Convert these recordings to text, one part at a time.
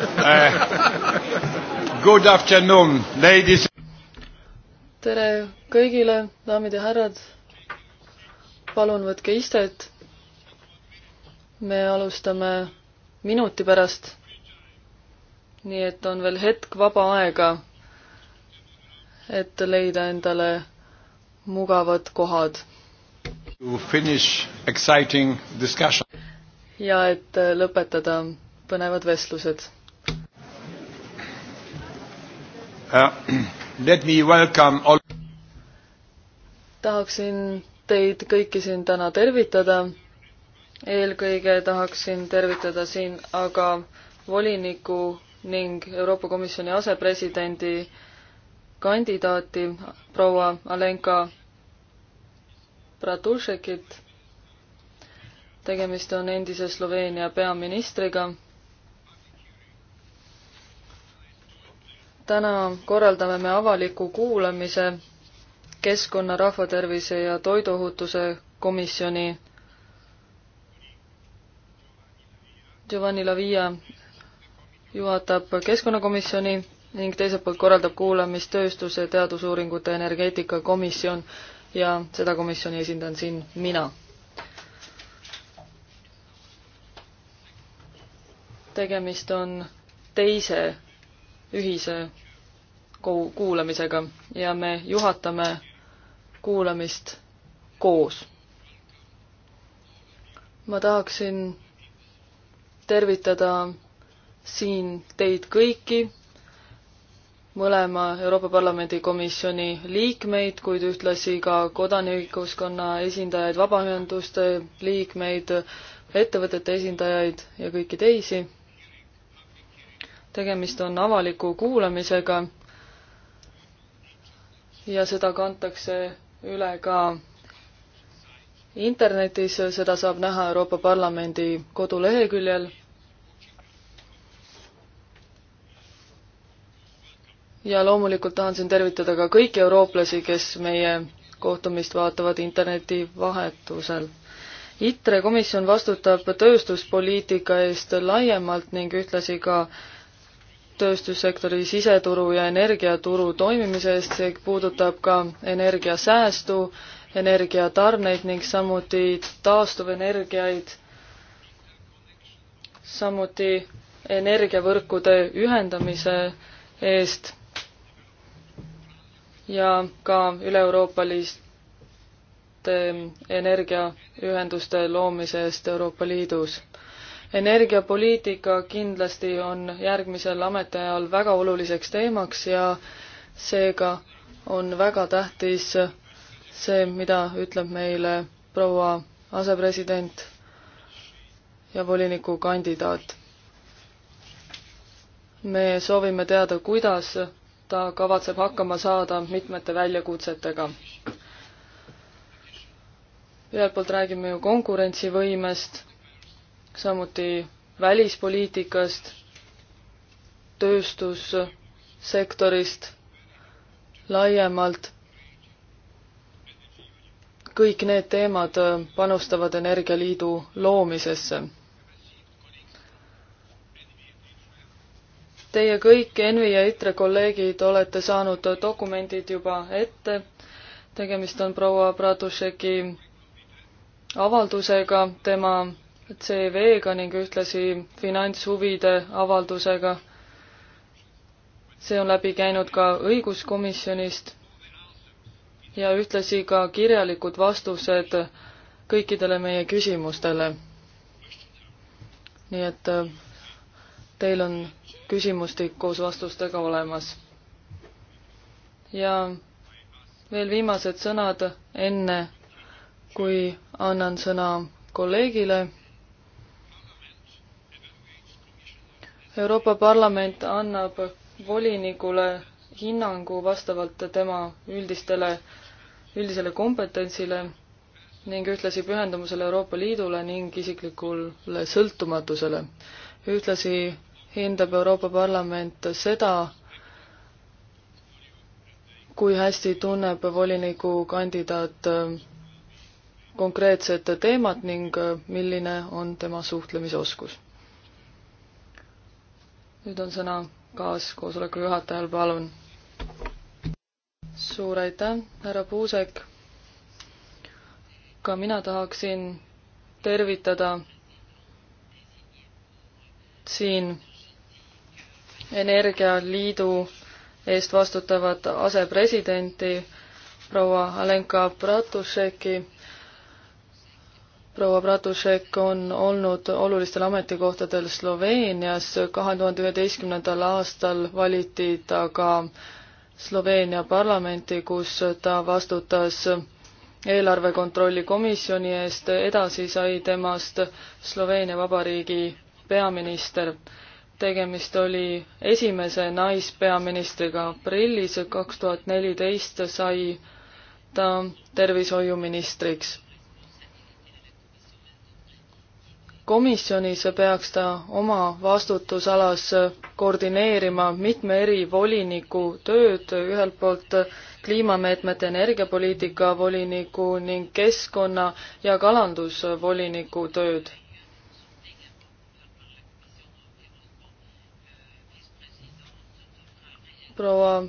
Eh, good afternoon, ladies. tere kõigile, daamid ja härrad. palun võtke istet. me alustame minuti pärast. nii et on veel hetk vaba aega, et leida endale mugavad kohad. To finish exciting discussion. ja et lõpetada põnevad vestlused uh,. All... tahaksin teid kõiki siin täna tervitada. eelkõige tahaksin tervitada siin aga voliniku ning Euroopa Komisjoni asepresidendi kandidaati proua Alenka Bratušekit. tegemist on endise Sloveenia peaministriga täna korraldame me avaliku kuulamise Keskkonna, Rahvatervise ja Toiduohutuse komisjoni Giovanni Lavia juhatab Keskkonnakomisjoni ning teiselt poolt korraldab kuulamist Tööstuse, Teadusuuringute, Energeetika komisjon ja seda komisjoni esindan siin mina. tegemist on teise ühise kuulamisega ja me juhatame kuulamist koos. ma tahaksin tervitada siin teid kõiki, mõlema Euroopa Parlamendi komisjoni liikmeid, kuid ühtlasi ka kodanikuühiskonna esindajaid, vabaühenduste liikmeid, ettevõtete esindajaid ja kõiki teisi. tegemist on avaliku kuulamisega ja seda kantakse üle ka internetis, seda saab näha Euroopa Parlamendi koduleheküljel. ja loomulikult tahan siin tervitada ka kõiki eurooplasi, kes meie kohtumist vaatavad interneti vahetusel. ITRE komisjon vastutab tööstuspoliitika eest laiemalt ning ühtlasi ka äh, tööstussektori siseturu ja energiaturu toimimise eest, see puudutab ka energiasäästu, energiatarneid ning samuti taastuvenergiaid, samuti energiavõrkude ühendamise eest ja ka üle-euroopaliste energiaühenduste loomise eest Euroopa Liidus energiapoliitika kindlasti on järgmisel ametiajal väga oluliseks teemaks ja seega on väga tähtis see, mida ütleb meile proua asepresident ja volinikukandidaat. me soovime teada, kuidas ta kavatseb hakkama saada mitmete väljakutsetega. ühelt poolt räägime ju konkurentsivõimest samuti välispoliitikast, tööstussektorist laiemalt. kõik need teemad panustavad Energialiidu loomisesse. Teie kõik Envi ja ITRE kolleegid olete saanud dokumendid juba ette. tegemist on proua Bratušeki avaldusega, tema CV-ga ning ühtlasi finantshuvide avaldusega. see on läbi käinud ka õiguskomisjonist ja ühtlasi ka kirjalikud vastused kõikidele meie küsimustele. nii et äh, teil on küsimustik koos vastustega olemas. ja veel viimased sõnad enne, kui annan sõna kolleegile Euroopa Parlament annab volinikule hinnangu vastavalt tema üldistele, üldisele kompetentsile ning ühtlasi pühendumusele Euroopa Liidule ning isiklikule sõltumatusele. ühtlasi hindab Euroopa Parlament seda, kui hästi tunneb volinikukandidaat äh, konkreetset teemat ning äh, milline on tema suhtlemisoskus nüüd on sõna kaaskoosoleku juhatajal, palun. suur aitäh, härra Puusek. ka mina tahaksin tervitada siin Energialiidu eest vastutavat asepresidenti proua Alenka Bratušeki proua Bratušek on olnud olulistel ametikohtadel Sloveenias, kahe tuhande üheteistkümnendal aastal valiti ta ka Sloveenia parlamenti, kus ta vastutas eelarve kontrolli komisjoni eest, edasi sai temast Sloveenia Vabariigi peaminister. tegemist oli esimese naispeaministriga aprillis kaks tuhat neliteist sai ta tervishoiuministriks komisjonis peaks ta oma vastutusalas koordineerima mitme eri voliniku tööd, ühelt poolt kliimameetmete energiapoliitika voliniku ning keskkonna- ja kalandusvoliniku tööd. proua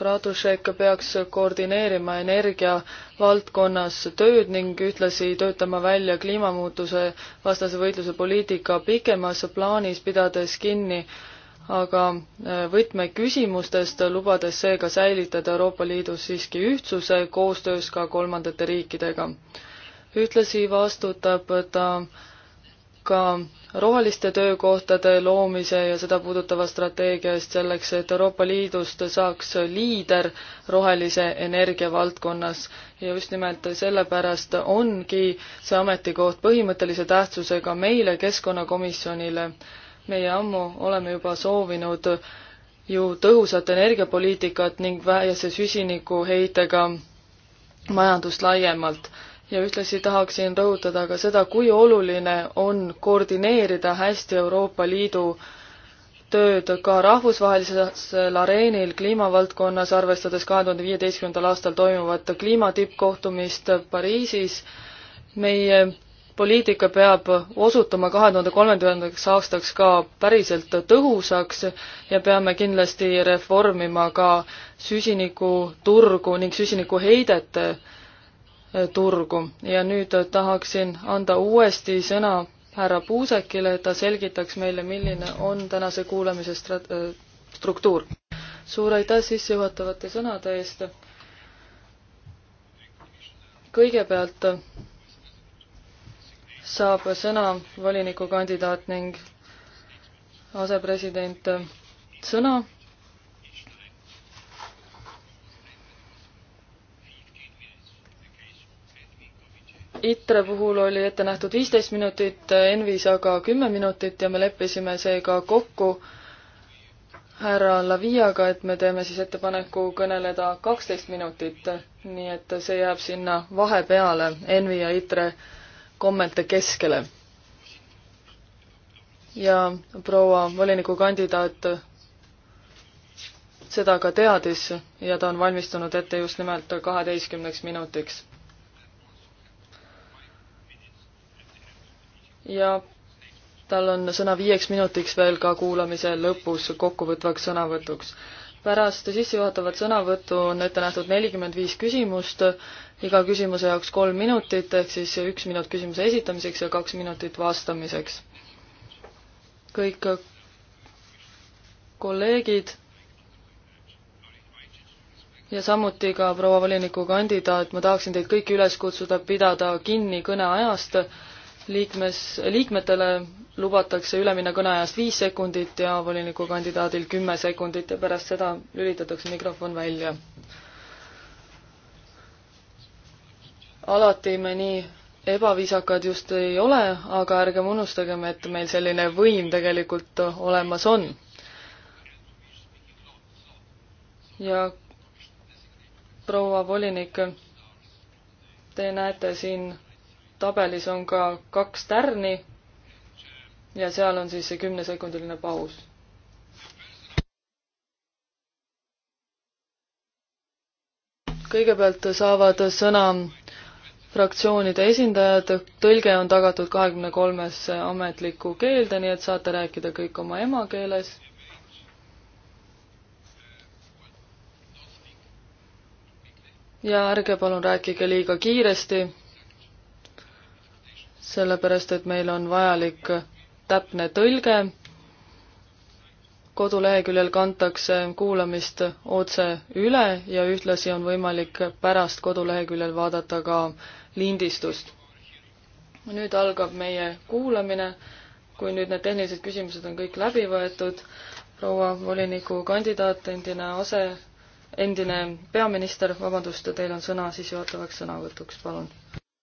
Pradušek peaks koordineerima energiavaldkonnas tööd ning ühtlasi töötama välja kliimamuutuse vastase võitluse poliitika pikemas plaanis, pidades kinni aga äh, võtmeküsimustest, lubades seega säilitada Euroopa Liidus siiski ühtsuse koostöös ka kolmandate riikidega. ühtlasi vastutab ta äh, ka roheliste töökohtade loomise ja seda puudutava strateegia eest selleks, et Euroopa Liidust saaks liider rohelise energia valdkonnas. ja just nimelt sellepärast ongi see ametikoht põhimõttelise tähtsusega meile, Keskkonnakomisjonile. meie ammu oleme juba soovinud ju tõhusat energiapoliitikat ning vähese süsinikuheitega majandust laiemalt ja ühtlasi tahaksin rõhutada ka seda, kui oluline on koordineerida hästi Euroopa Liidu tööd ka rahvusvahelisel areenil kliimavaldkonnas, arvestades kahe tuhande viieteistkümnendal aastal toimuvat kliimatippkohtumist Pariisis. meie poliitika peab osutuma kahe tuhande kolmekümnendaks aastaks ka päriselt tõhusaks ja peame kindlasti reformima ka süsinikuturgu ning süsinikuheidete turgu ja nüüd tahaksin anda uuesti sõna härra Puusekile, et ta selgitaks meile, milline on tänase kuulamise strat-, äh, struktuur. suur aitäh sissejuhatavate sõnade eest. kõigepealt saab sõna volinikukandidaat ning asepresident sõna ITRE puhul oli ette nähtud viisteist minutit, ENVis aga kümme minutit ja me leppisime seega kokku härra Laviaga, et me teeme siis ettepaneku kõneleda kaksteist minutit, nii et see jääb sinna vahepeale ENVi ja ITRE kommete keskele. ja proua volinikukandidaat seda ka teadis ja ta on valmistunud ette just nimelt kaheteistkümneks minutiks ja tal on sõna viieks minutiks veel ka kuulamise lõpus kokkuvõtvaks sõnavõtuks. pärast sissejuhatavat sõnavõttu on ette nähtud nelikümmend viis küsimust, iga küsimuse jaoks kolm minutit, ehk siis üks minut küsimuse esitamiseks ja kaks minutit vastamiseks. kõik kolleegid ja samuti ka proua volinikukandidaat, ma tahaksin teid kõiki üles kutsuda pidada kinni kõneajast, liikmes, liikmetele lubatakse üle minna kõneajast viis sekundit ja volinikukandidaadil kümme sekundit ja pärast seda lülitatakse mikrofon välja. alati me nii ebaviisakad just ei ole, aga ärgem unustagem, et meil selline võim tegelikult olemas on. ja proua volinik, te näete siin tabelis on ka kaks tärni ja seal on siis see kümnesekundiline paus kõigepealt saavad sõna fraktsioonide esindajad, tõlge on tagatud kahekümne kolmesse ametlikku keelde, nii et saate rääkida kõik oma emakeeles. ja ärge palun rääkige liiga kiiresti, sellepärast et meil on vajalik täpne tõlge. koduleheküljel kantakse kuulamist otse üle ja ühtlasi on võimalik pärast koduleheküljel vaadata ka lindistust. nüüd algab meie kuulamine. kui nüüd need tehnilised küsimused on kõik läbi võetud, proua volinikukandidaat, endine ase endine peaminister, vabandust, teil on sõna sissejuhatavaks sõnavõtuks, palun